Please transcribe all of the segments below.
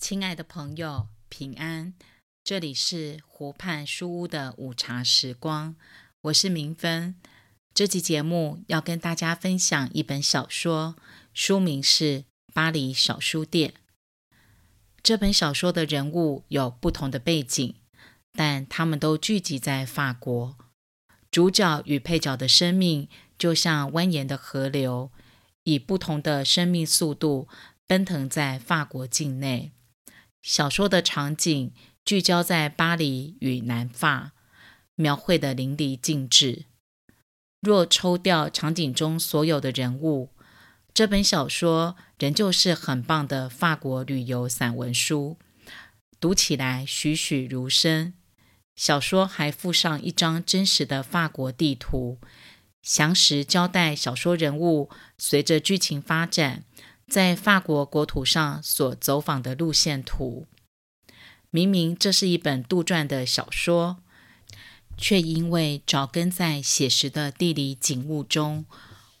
親愛的朋友，平安！這裡是湖畔書屋的午茶時光，我是明芬。這期節目要跟大家分享一本小說，書名是《巴黎小書店》。這本小說的人物有不同的背景，但他們都聚集在法國。主角與配角的生命就像蜿蜒的河流，以不同的生命速度奔騰在法國境內。小說的場景聚焦在巴黎與南法，描繪得淋漓盡致。若抽掉場景中所有的人物，這本小說仍舊是很棒的法國旅遊散文書，讀起來栩栩如生。小說還附上一張真實的法國地圖，詳實交代小說人物隨着劇情發展，在法國國土上所走訪的路線圖，明明這是一本杜撰的小說，卻因為紮根在寫實的地理景物中，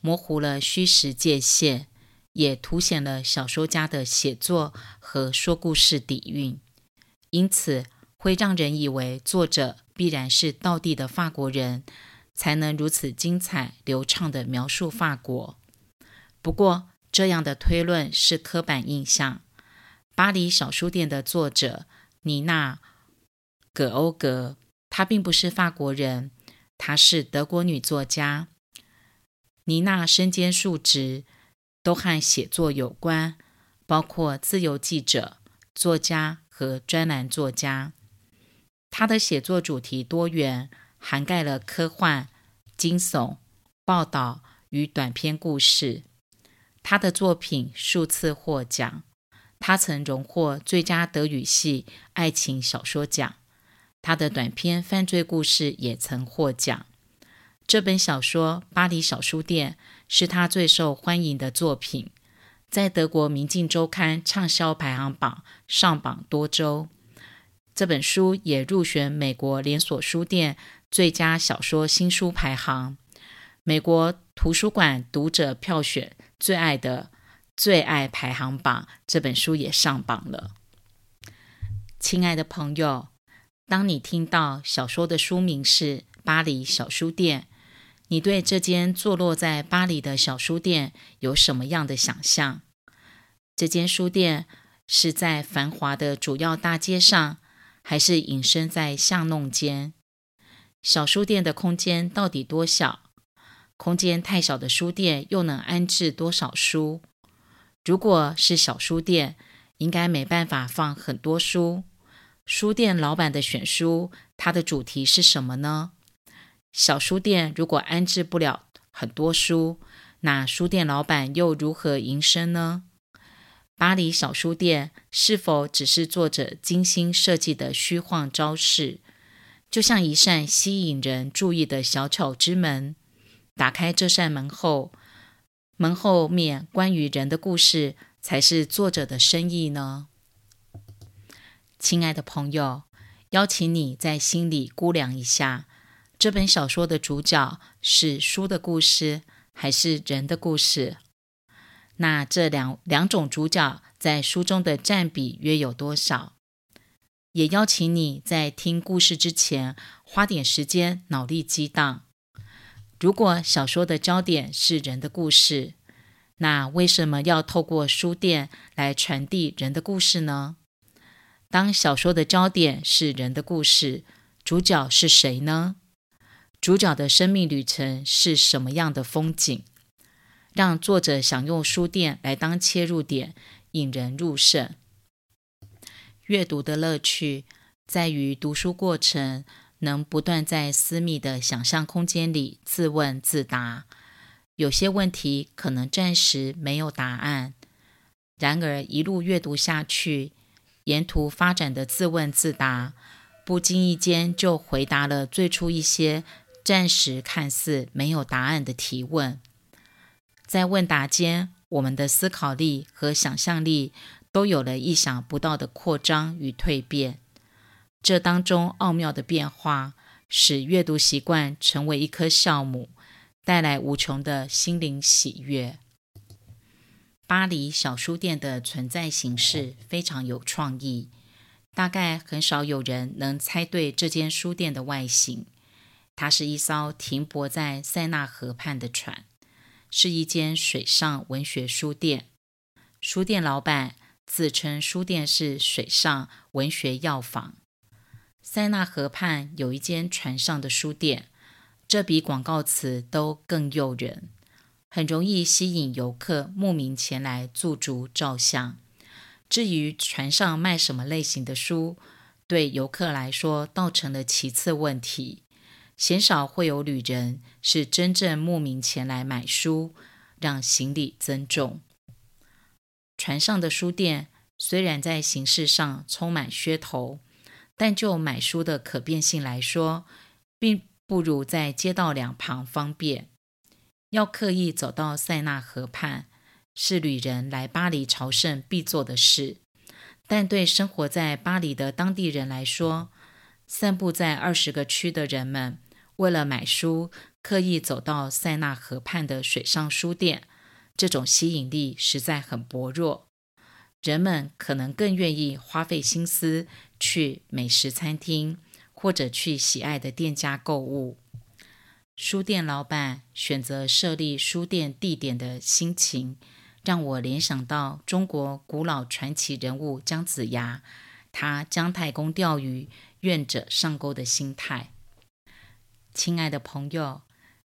模糊了虛實界限，也凸顯了小說家的寫作和說故事底蘊，因此會讓人以為作者必然是道地的法國人，才能如此精彩流暢的描述法國。不過，這樣的推論是刻板印象。《巴黎小書店》的作者尼娜·葛歐格，她並不是法國人，她是德國女作家。尼娜身兼數職，都和寫作有關，包括自由記者、作家和專欄作家。她的寫作主題多元，涵蓋了科幻、驚悚、報道與短篇故事。他的作品數次獲獎，他曾榮獲最佳德語系愛情小說獎。他的短篇《犯罪故事》也曾獲獎。這本小說《巴黎小書店》是他最受歡迎的作品，在德國《明鏡週刊》暢銷排行榜上榜多周。這本書也入選美國連鎖書店最佳小說新書排行，美國圖書館讀者票選，最愛的最愛排行榜，這本書也上榜了。親愛的朋友，當你聽到小說的書名是《巴黎小書店》，你對這間坐落在巴黎的小書店有什麼樣的想象這間書店是在繁華的主要大街上，還是隱身在巷弄間？小書店的空間到底多小？空間太小的書店又能安置多少書？如果是小書店，應該沒辦法放很多書。書店老板的選書，它的主題是什麼呢？小書店如果安置不了很多書，那書店老板又如何營生呢？巴黎小書店是否只是作者精心設計的虛晃招式，就像一扇吸引人注意的小巧之門？打開這扇門後，門後面關於人的故事才是作者的深意呢。親愛的朋友，邀請你在心裡估量一下，這本小說的主角是書的故事還是人的故事？那這兩兩種主角在書中的佔比約有多少？也邀請你在聽故事之前花點時間腦力激盪。如果小說的焦點是人的故事，那為什麼要透過書店來傳遞人的故事呢？當小說的焦點是人的故事，主角是誰呢？主角的生命旅程是什麼樣的風景？讓作者想用書店來當切入點，引人入勝。閱讀的樂趣在於讀書過程。能不斷在私密的想象空間裡自問自答，有些問題可能暫時沒有答案。然而一路閱讀下去，沿途發展的自問自答，不經意間就回答了最初一些暫時看似沒有答案的提問。在問答間，我們的思考力和想象力都有了意想不到的擴張與蛻變。這當中奧妙的變化，使閱讀習慣成為一顆酵母，帶來無窮的心靈喜悅。巴黎小書店的存在形式非常有創意，大概很少有人能猜對這間書店的外形。它是一艘停泊在塞納河畔的船，是一間水上文學書店。書店老闆自稱書店是水上文學藥房。塞納河畔有一間船上的書店，這比廣告詞都更誘人，很容易吸引遊客慕名前來駐足照相。至於船上賣什麼類型的書，對遊客來說倒成了其次問題，鮮少會有旅人是真正慕名前來買書，讓行李增重。船上的書店雖然在形式上充滿噱頭。但就買書的可便性來說，並不如在街道兩旁方便。要刻意走到塞納河畔，是旅人來巴黎朝聖必做的事。但對生活在巴黎的當地人來說，散步在二十個區的人們，為了買書刻意走到塞納河畔的水上書店，這種吸引力實在很薄弱。人們可能更願意花費心思去美食餐廳，或者去喜愛的店家購物。書店老板選擇設立書店地點的心情，讓我聯想到中國古老傳奇人物姜子牙，他姜太公釣魚，願者上鈎的心態。親愛的朋友，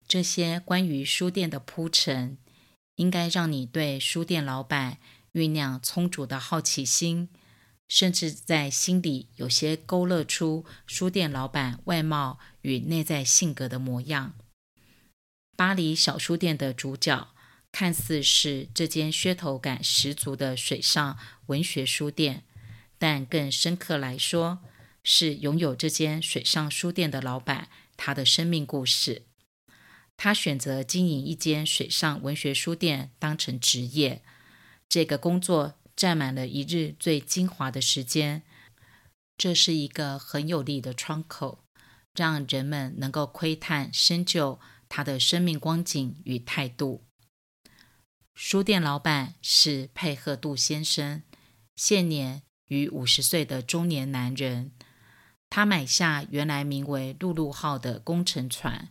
這些關於書店的鋪陳，應該讓你對書店老板。醞釀充足的好奇心，甚至在心裡有些勾勒出書店老板外貌與內在性格的模樣。巴黎小書店的主角看似是這間噱頭感十足的水上文學書店，但更深刻來說，是擁有這間水上書店的老板，他的生命故事。他選擇經營一間水上文學書店當成職業。這個工作占滿了一日最精華的時間，這是一個很有力的窗口，讓人們能夠窺探深究他的生命光景與態度。書店老板是佩赫杜先生，現年逾五十歲的中年男人。他買下原來名為“露露號”的工程船，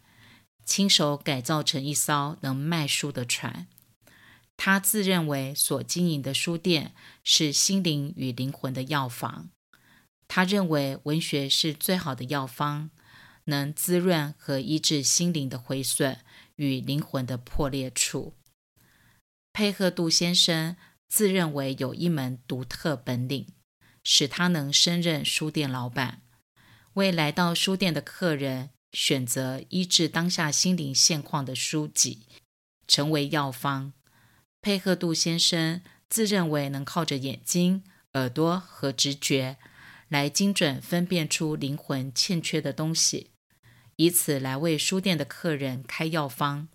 親手改造成一艘能賣書的船。他自認為所經營的書店是心靈與靈魂的藥房。他認為文學是最好的藥方，能滋潤和醫治心靈的毀損與靈魂的破裂處。佩荷杜先生自認為有一門獨特本領，使他能升任書店老闆，為來到書店的客人選擇醫治當下心靈現況的書籍，成為藥方。佩赫杜先生自認為能靠着眼睛、耳朵和直覺，來精準分辨出靈魂欠缺的東西，以此來為書店的客人開藥方。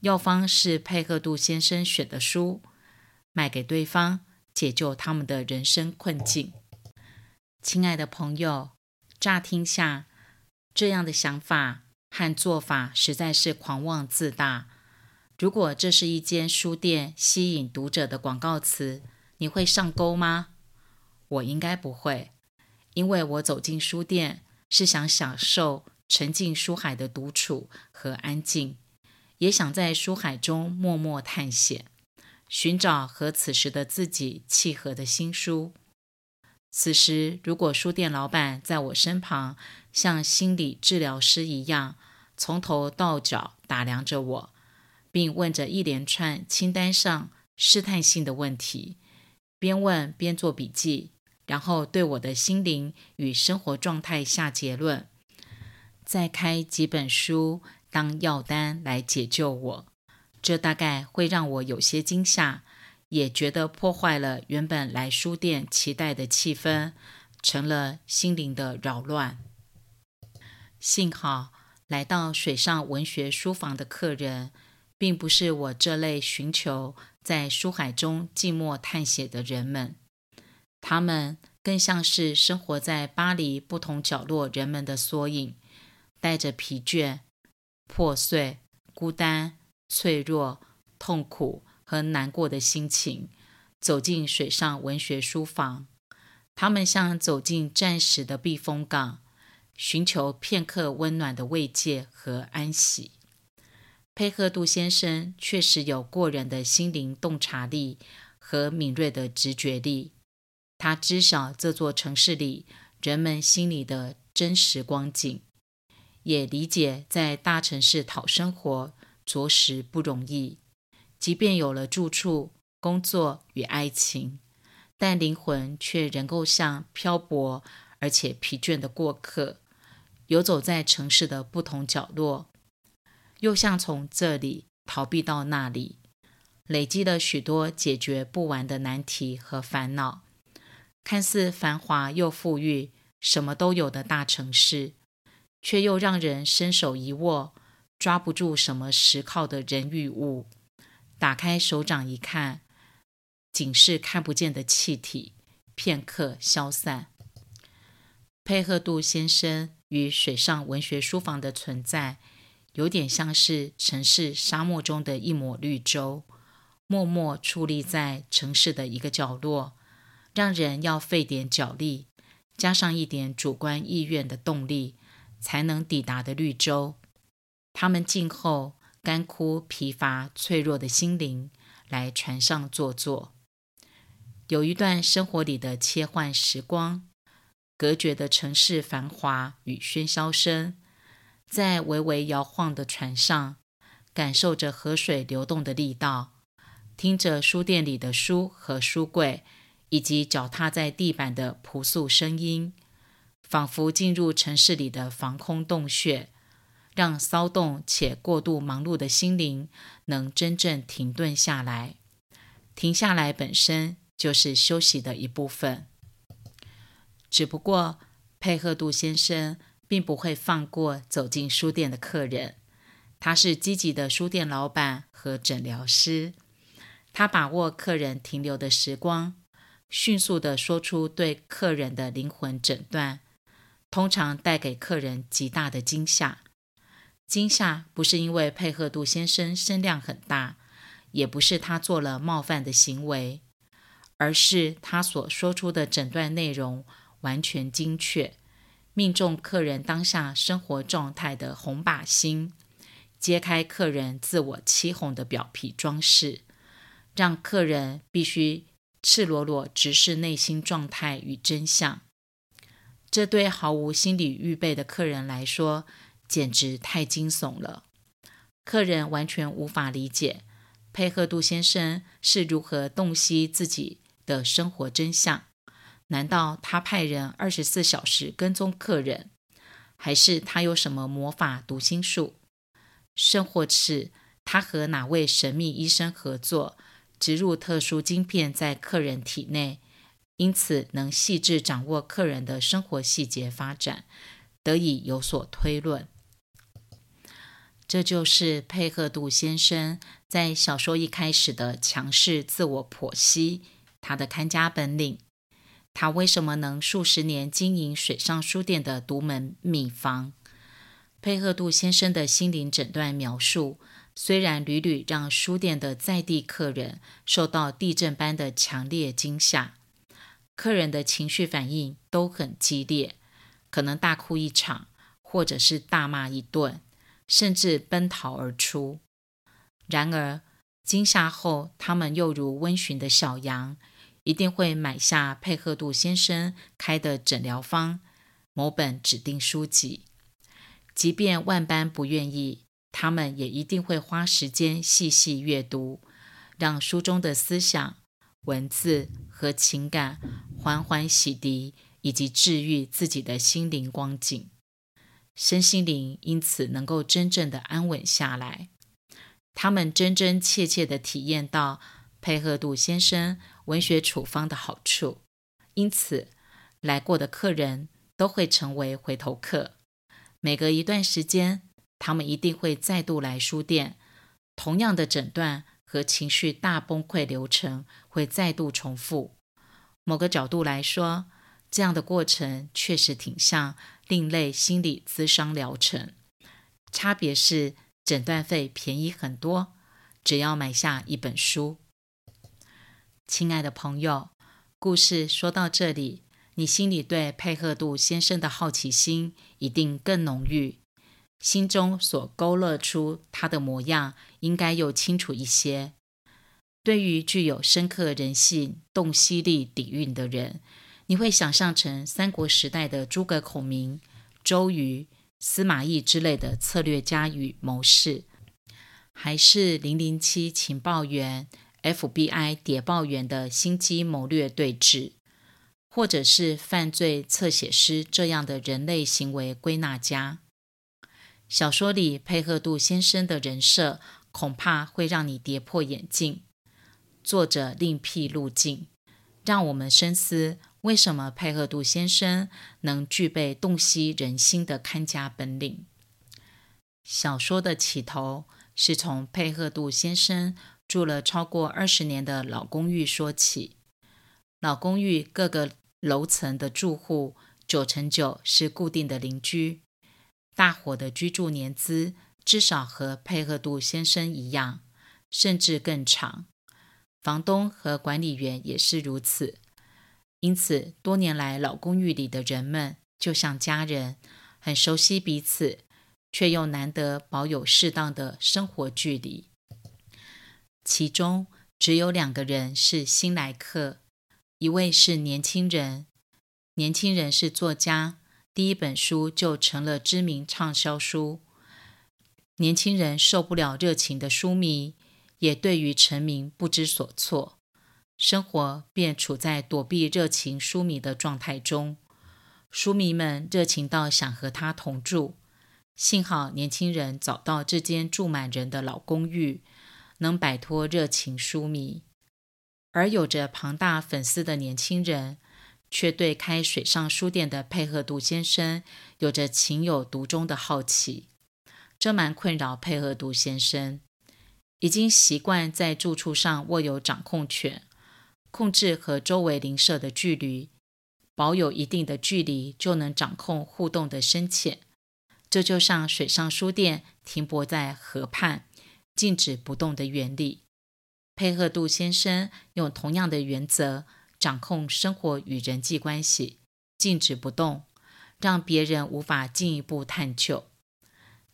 藥方是佩赫杜先生選的書，賣給對方，解救他們的人生困境。親愛的朋友，乍聽下這樣的想法和做法，實在是狂妄自大。如果這是一間書店吸引讀者的廣告詞，你會上鈎嗎？我應該不會，因為我走進書店是想享受沉浸書海的獨處和安靜，也想在書海中默默探險，尋找和此時的自己契合的新書。此時，如果書店老板在我身旁，像心理治療師一樣，從頭到腳打量着我。並問着一連串清單上試探性的問題，邊問邊做筆記，然後對我的心靈與生活狀態下結論，再開幾本書當藥單來解救我。這大概會讓我有些驚嚇，也覺得破壞了原本來書店期待的氣氛，成了心靈的擾亂。幸好來到水上文學書房的客人，並不是我這類尋求在書海中寂寞探險的人們，他們更像是生活在巴黎不同角落人們的縮影，帶着疲倦、破碎、孤單、脆弱、痛苦和難過的心情走進水上文學書房。他們像走進暫時的避風港，尋求片刻溫暖的慰藉和安息。佩赫杜先生確實有過人的心靈洞察力和敏銳的直覺力，他知曉這座城市裡人們心裡的真實光景，也理解在大城市討生活着實不容易。即便有了住處、工作與愛情，但靈魂卻仍夠像漂泊而且疲倦的過客，游走在城市的不同角落。又像從這裡逃避到那裡，累積了許多解決不完的難題和煩惱。看似繁華又富裕、什麼都有的大城市，卻又讓人伸手一握，抓不住什麼實靠的人與物。打開手掌一看，僅是看不見的氣體，片刻消散。佩赫杜先生與水上文學書房的存在。有點像是城市沙漠中的一抹綠洲，默默矗立在城市的一個角落，讓人要費點腳力，加上一點主觀意願的動力，才能抵達的綠洲。他們靜候乾枯、疲乏、脆弱的心靈，來船上坐坐。有一段生活裡的切換時光，隔絕的城市繁華與喧囂聲。在微微搖晃的船上，感受着河水流動的力道，聽着書店裡的書和書櫃，以及腳踏在地板的樸素聲音，仿佛進入城市裡的防空洞穴，讓騷動且過度忙碌的心靈能真正停頓下來。停下來本身就是休息的一部分，只不過佩赫杜先生，並不會放過走進書店的客人。他是積極的書店老闆和診療師，他把握客人停留的時光，迅速地說出對客人的靈魂診斷，通常帶給客人極大的驚嚇。驚嚇不是因為佩爾杜先生聲量很大，也不是他做了冒犯的行為，而是他所說出的診斷內容完全精確，命中客人當下生活狀態的紅靶心，揭開客人自我欺哄的表皮裝飾，讓客人必須赤裸裸直視內心狀態與真相。這對毫無心理預備的客人來說，簡直太驚悚了。客人完全無法理解，佩赫杜先生是如何洞悉自己的生活真相。難道他派人二十四小時跟蹤客人，還是他有什麼魔法讀心術，甚或是他和哪位神秘醫生合作，植入特殊晶片在客人體內，因此能細致掌握客人的生活細節發展，得以有所推論？這就是佩赫杜先生在小說一開始的強勢自我剖析，他的看家本領。他為什麼能數十年經營水上書店，的獨門秘方？佩赫杜先生的心靈診斷描述，雖然屢屢讓書店的在地客人受到地震般的強烈驚嚇，客人的情緒反應都很激烈，可能大哭一場，或者是大罵一頓，甚至奔逃而出。然而驚嚇後，他們又如溫馴的小羊。一定會買下佩赫杜先生開的診療方，某本指定書籍，即便萬般不願意，他們也一定會花時間細細閱讀，讓書中的思想、文字和情感緩緩洗滌以及治癒自己的心靈光景，身心靈因此能夠真正的安穩下來，他們真真切切地體驗到配合杜先生文學處方的好處，因此來過的客人都會成為回頭客。每隔一段時間，他們一定會再度來書店。同樣的診斷和情緒大崩潰流程會再度重複。某個角度來說，這樣的過程確實挺像另類心理諮商療程。差別是診斷費便宜很多，只要買下一本書。親愛的朋友，故事說到這裡，你心裡對佩赫杜先生的好奇心一定更濃郁，心中所勾勒出他的模樣應該又清楚一些。對於具有深刻人性洞悉力底蘊的人，你會想象成三國時代的諸葛孔明、周瑜、司馬懿之類的策略家與謀士，還是零零七情報員？FBI 諜報員的心機謀略對峙，或者是犯罪側寫師這樣的人類行為歸納家，小說裡佩赫杜先生的人設恐怕會讓你跌破眼鏡。作者另闢路徑，讓我們深思：為什麼佩赫杜先生能具備洞悉人心的看家本領？小說的起頭是從佩赫杜先生住了超過二十年的老公寓，說起老公寓各個樓層的住戶，九成九是固定的鄰居，大夥的居住年資至少和佩赫杜先生一樣，甚至更長。房東和管理員也是如此，因此多年來老公寓裡的人們就像家人，很熟悉彼此，卻又難得保有適當的生活距離。其中只有兩個人是新來客，一位是年輕人，年輕人是作家，第一本書就成了知名暢銷書。年輕人受不了熱情的書迷，也對於成名不知所措，生活便處在躲避熱情書迷的狀態中。書迷們熱情到想和他同住，幸好年輕人找到這間住滿人的老公寓。能擺脫熱情書迷，而有着龐大粉絲的年輕人，卻對開水上書店的配合讀先生有着情有獨鍾的好奇，這蠻困擾配合讀先生。已經習慣在住處上握有掌控權，控制和周圍鄰舍的距離，保有一定的距離就能掌控互動的深淺。這就像水上書店停泊在河畔，靜止不動的原理，佩赫杜先生用同樣的原則掌控生活與人際關係。靜止不動，讓別人無法進一步探究。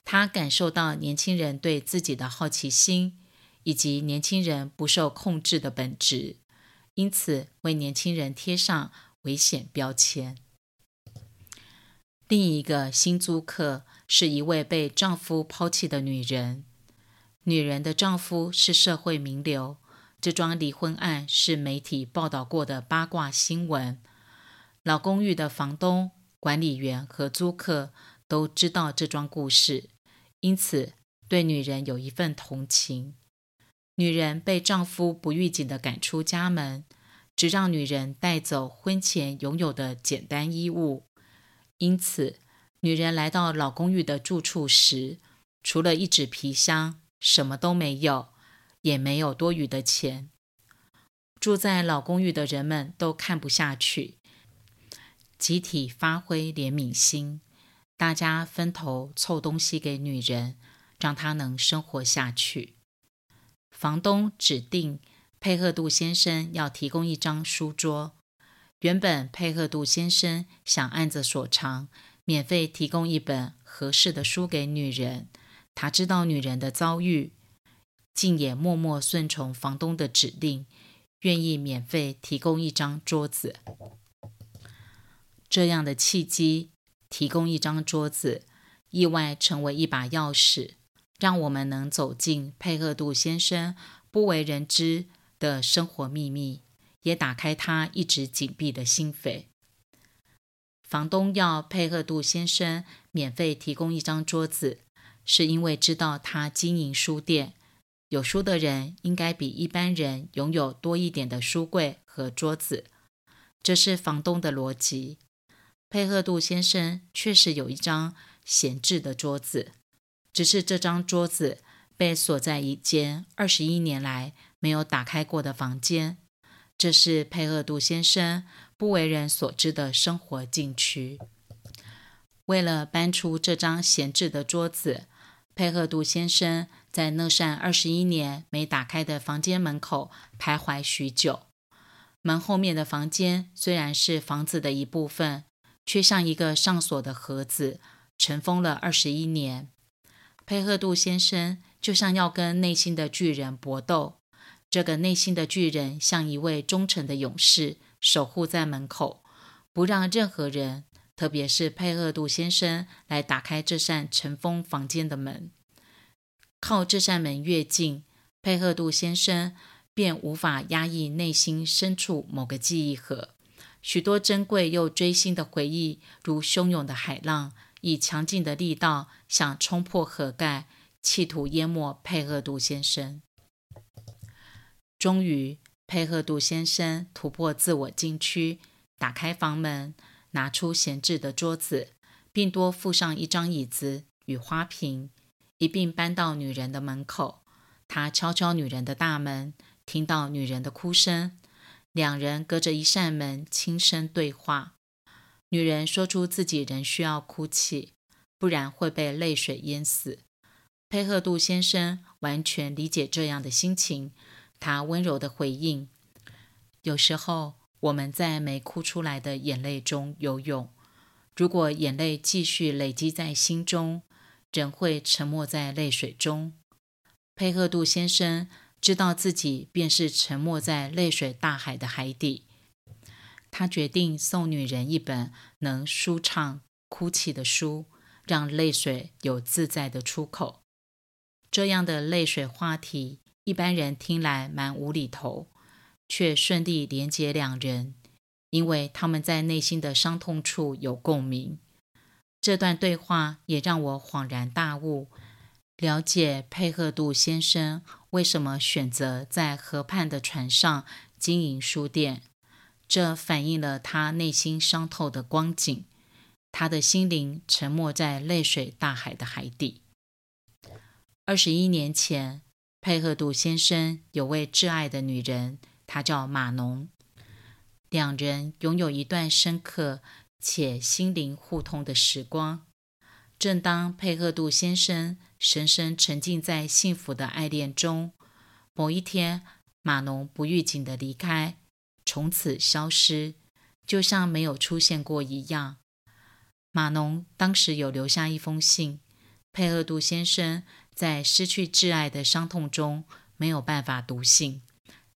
他感受到年輕人對自己的好奇心，以及年輕人不受控制的本質，因此為年輕人貼上危險標籤。另一個新租客是一位被丈夫拋棄的女人。女人的丈夫是社會名流，這樁離婚案是媒體報道過的八卦新聞。老公寓的房東、管理員和租客都知道這樁故事，因此對女人有一份同情。女人被丈夫不預警地趕出家門，只讓女人帶走婚前擁有的簡單衣物。因此，女人來到老公寓的住處時，除了一紙皮箱，什麼都沒有，也沒有多餘的錢。住在老公寓的人們都看不下去，集體發揮憐憫心，大家分頭湊東西給女人，讓她能生活下去。房東指定佩赫杜先生要提供一張書桌。原本佩赫杜先生想按着所長，免費提供一本合適的書給女人。他知道女人的遭遇，竟也默默順從房東的指令，願意免費提供一張桌子。這樣的契機，提供一張桌子，意外成為一把鑰匙，讓我們能走進佩赫杜先生不為人知的生活秘密，也打開他一直緊閉的心扉。房東要佩赫杜先生免費提供一張桌子。是因為知道他經營書店，有書的人應該比一般人擁有多一點的書櫃和桌子，這是房東的邏輯。佩赫杜先生確實有一張閒置的桌子，只是這張桌子被鎖在一間二十一年來沒有打開過的房間，這是佩赫杜先生不為人所知的生活禁區。為了搬出這張閒置的桌子。佩赫杜先生在那扇二十一年沒打開的房間門口徘徊許久。門後面的房間雖然是房子的一部分，卻像一個上鎖的盒子，塵封了二十一年。佩赫杜先生就像要跟內心的巨人搏鬥，這個內心的巨人像一位忠誠的勇士，守護在門口，不讓任何人。特別是佩赫杜先生來打開這扇塵封房間的門，靠這扇門越近，佩赫杜先生便無法壓抑內心深處某個記憶盒，許多珍貴又錐心的回憶，如洶湧的海浪，以強勁的力道想衝破盒蓋，企圖淹沒佩赫杜先生。終於，佩赫杜先生突破自我禁區，打開房門。拿出閒置的桌子，並多附上一張椅子與花瓶，一併搬到女人的門口。他敲敲女人的大門，聽到女人的哭聲，兩人隔着一扇門輕聲對話。女人說出自己仍需要哭泣，不然會被淚水淹死。佩赫杜先生完全理解這樣的心情，他溫柔地回應：“有時候。”我們在沒哭出來的眼淚中游泳。如果眼淚繼續累積在心中，人會沉沒在淚水中。佩赫杜先生知道自己便是沉沒在淚水大海的海底。他決定送女人一本能舒暢哭泣的書，讓淚水有自在的出口。這樣的淚水話題，一般人聽來蠻無厘頭。卻順利連接兩人，因為他們在內心的傷痛處有共鳴。這段對話也讓我恍然大悟，了解佩赫杜先生為什麼選擇在河畔的船上經營書店。這反映了他內心傷透的光景，他的心靈沉沒在淚水大海的海底。二十一年前，佩赫杜先生有位摯愛的女人。他叫馬農，兩人擁有一段深刻且心靈互通的時光。正當佩赫杜先生深深沉浸在幸福的愛戀中，某一天，馬農不預警的離開，從此消失，就像沒有出現過一樣。馬農當時有留下一封信，佩赫杜先生在失去摯愛的傷痛中沒有辦法讀信。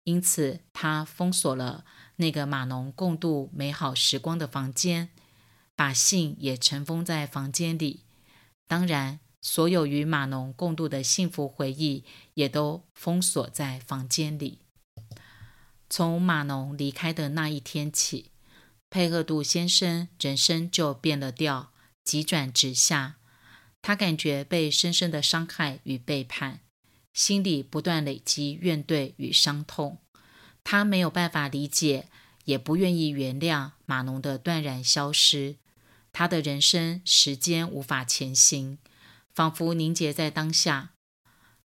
因此，他封鎖了那個馬農共度美好時光的房間，把信也塵封在房間裡。當然，所有與馬農共度的幸福回憶也都封鎖在房間裡。從馬農離開的那一天起，佩厄杜先生人生就變了調，急轉直下。他感覺被深深的傷害與背叛。心裡不斷累積怨懟與傷痛，他沒有辦法理解，也不願意原諒馬農的斷然消失。他的人生時間無法前行，仿佛凝結在當下。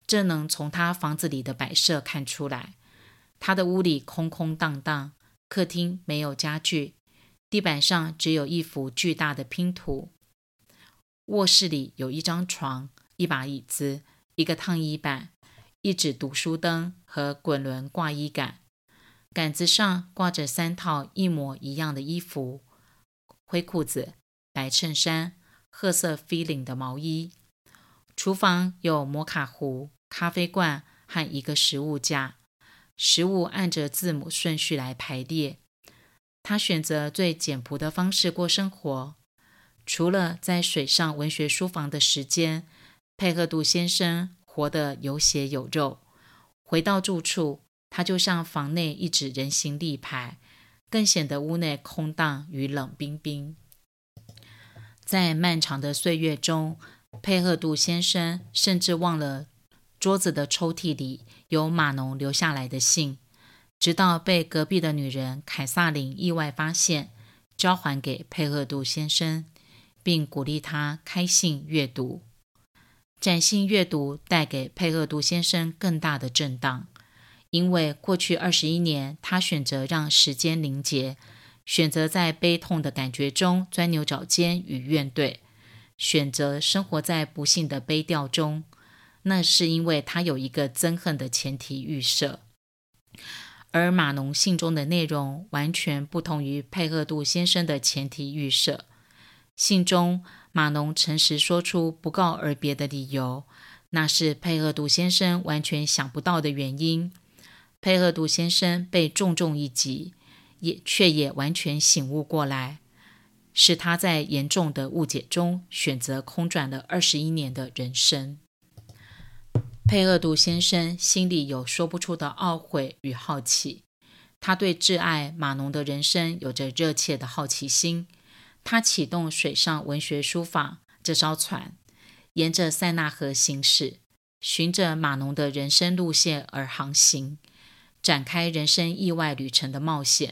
這能從他房子裡的擺設看出來。他的屋裡空空蕩蕩，客廳沒有家具，地板上只有一幅巨大的拼圖。臥室裡有一張床、一把椅子、一個燙衣板。一盞讀書燈和滾輪掛衣杆，杆子上掛着三套一模一樣的衣服：灰褲子、白襯衫、褐色 V 領的毛衣。廚房有摩卡壺、咖啡罐和一個食物架，食物按着字母順序來排列。他選擇最簡樸的方式過生活，除了在水上文學書房的時間，配合杜先生。活得有血有肉，回到住處，他就像房內一紙人形立牌，更顯得屋內空蕩與冷冰冰。在漫長的歲月中，佩赫杜先生甚至忘了桌子的抽屜裡有馬農留下來的信，直到被隔壁的女人凱撒琳意外發現，交還給佩赫杜先生，並鼓勵他開信閱讀。嶄新閱讀帶給佩厄杜先生更大的震盪，因為過去二十一年，他選擇讓時間凝結，選擇在悲痛的感覺中鑽牛角尖與怨懟，選擇生活在不幸的悲調中。那是因為他有一個憎恨的前提預設，而馬農信中的內容完全不同於佩厄杜先生的前提預設。信中。馬農誠實說出不告而別的理由，那是佩厄杜先生完全想不到的原因。佩厄杜先生被重重一擊，也卻也完全醒悟過來，是他在嚴重的誤解中選擇空轉了二十一年的人生。佩厄杜先生心裡有說不出的懊悔與好奇，他對摯愛馬農的人生有着熱切的好奇心。他啟動水上文學書房這艘船，沿着塞納河行駛，循着馬農的人生路線而航行，展開人生意外旅程的冒險。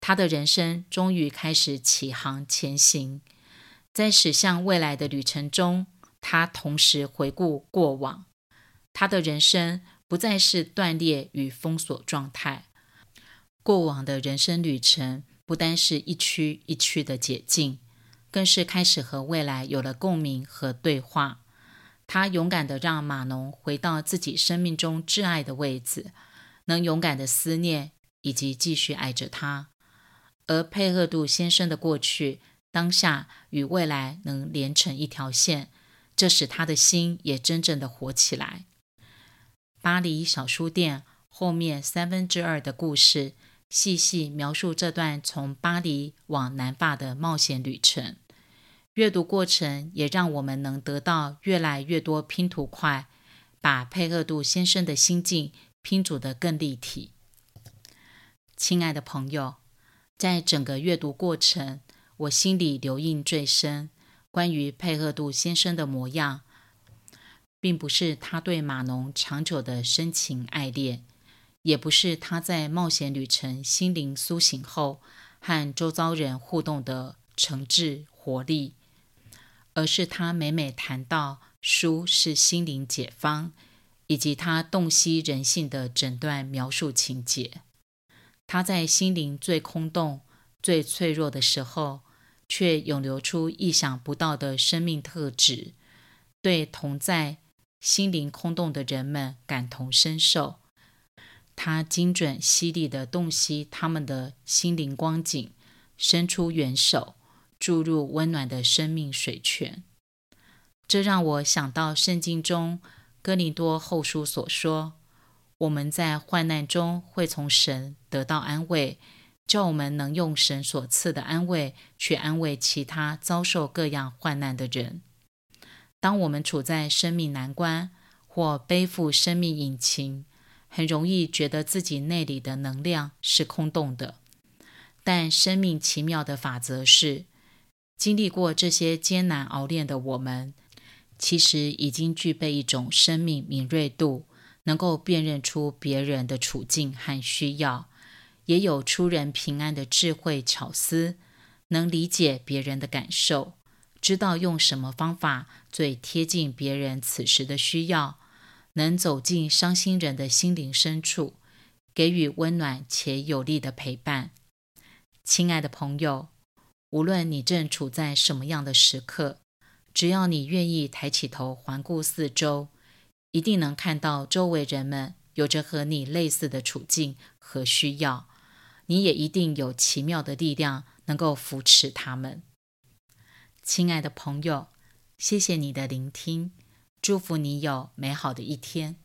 他的人生終於開始起航前行，在駛向未來的旅程中，他同時回顧過往。他的人生不再是斷裂與封鎖狀態，過往的人生旅程。不單是一曲一曲的解禁，更是開始和未來有了共鳴和對話。他勇敢的讓馬農回到自己生命中摯愛的位置，能勇敢的思念以及繼續愛着他。而佩赫杜先生的過去、當下與未來能連成一條線，這使他的心也真正的活起來。巴黎小書店後面三分之二的故事。細細描述這段從巴黎往南法的冒險旅程，閱讀過程也讓我們能得到越來越多拼圖塊，把佩荷杜先生的心境拼組得更立體。親愛的朋友，在整個閱讀過程，我心裡留印最深，關於佩荷杜先生的模樣，並不是他對馬農長久的深情愛戀。也不是他在冒險旅程、心靈蘇醒後和周遭人互動的誠摯活力，而是他每每談到書是心靈解方，以及他洞悉人性的診斷描述情節。他在心靈最空洞、最脆弱的時候，卻湧流出意想不到的生命特質，對同在心靈空洞的人們感同身受。他精準犀利地洞悉他們的心靈光景，伸出援手，注入溫暖的生命水泉。這讓我想到聖經中哥林多後書所說：“我們在患難中會從神得到安慰，叫我們能用神所賜的安慰去安慰其他遭受各樣患難的人。”當我們處在生命難關或背負生命隱情，很容易覺得自己內裡的能量是空洞的，但生命奇妙的法則是，經歷過這些艱難熬煉的我們，其實已經具備一種生命敏銳度，能夠辨認出別人的處境和需要，也有出人平安的智慧巧思，能理解別人的感受，知道用什麼方法最貼近別人此時的需要。能走進傷心人的心靈深處，給予溫暖且有力的陪伴。親愛的朋友，無論你正處在什麼樣的時刻，只要你願意抬起頭環顧四周，一定能看到周圍人們有着和你類似的處境和需要。你也一定有奇妙的力量能夠扶持他們。親愛的朋友，謝謝你的聆聽。祝福你有美好的一天。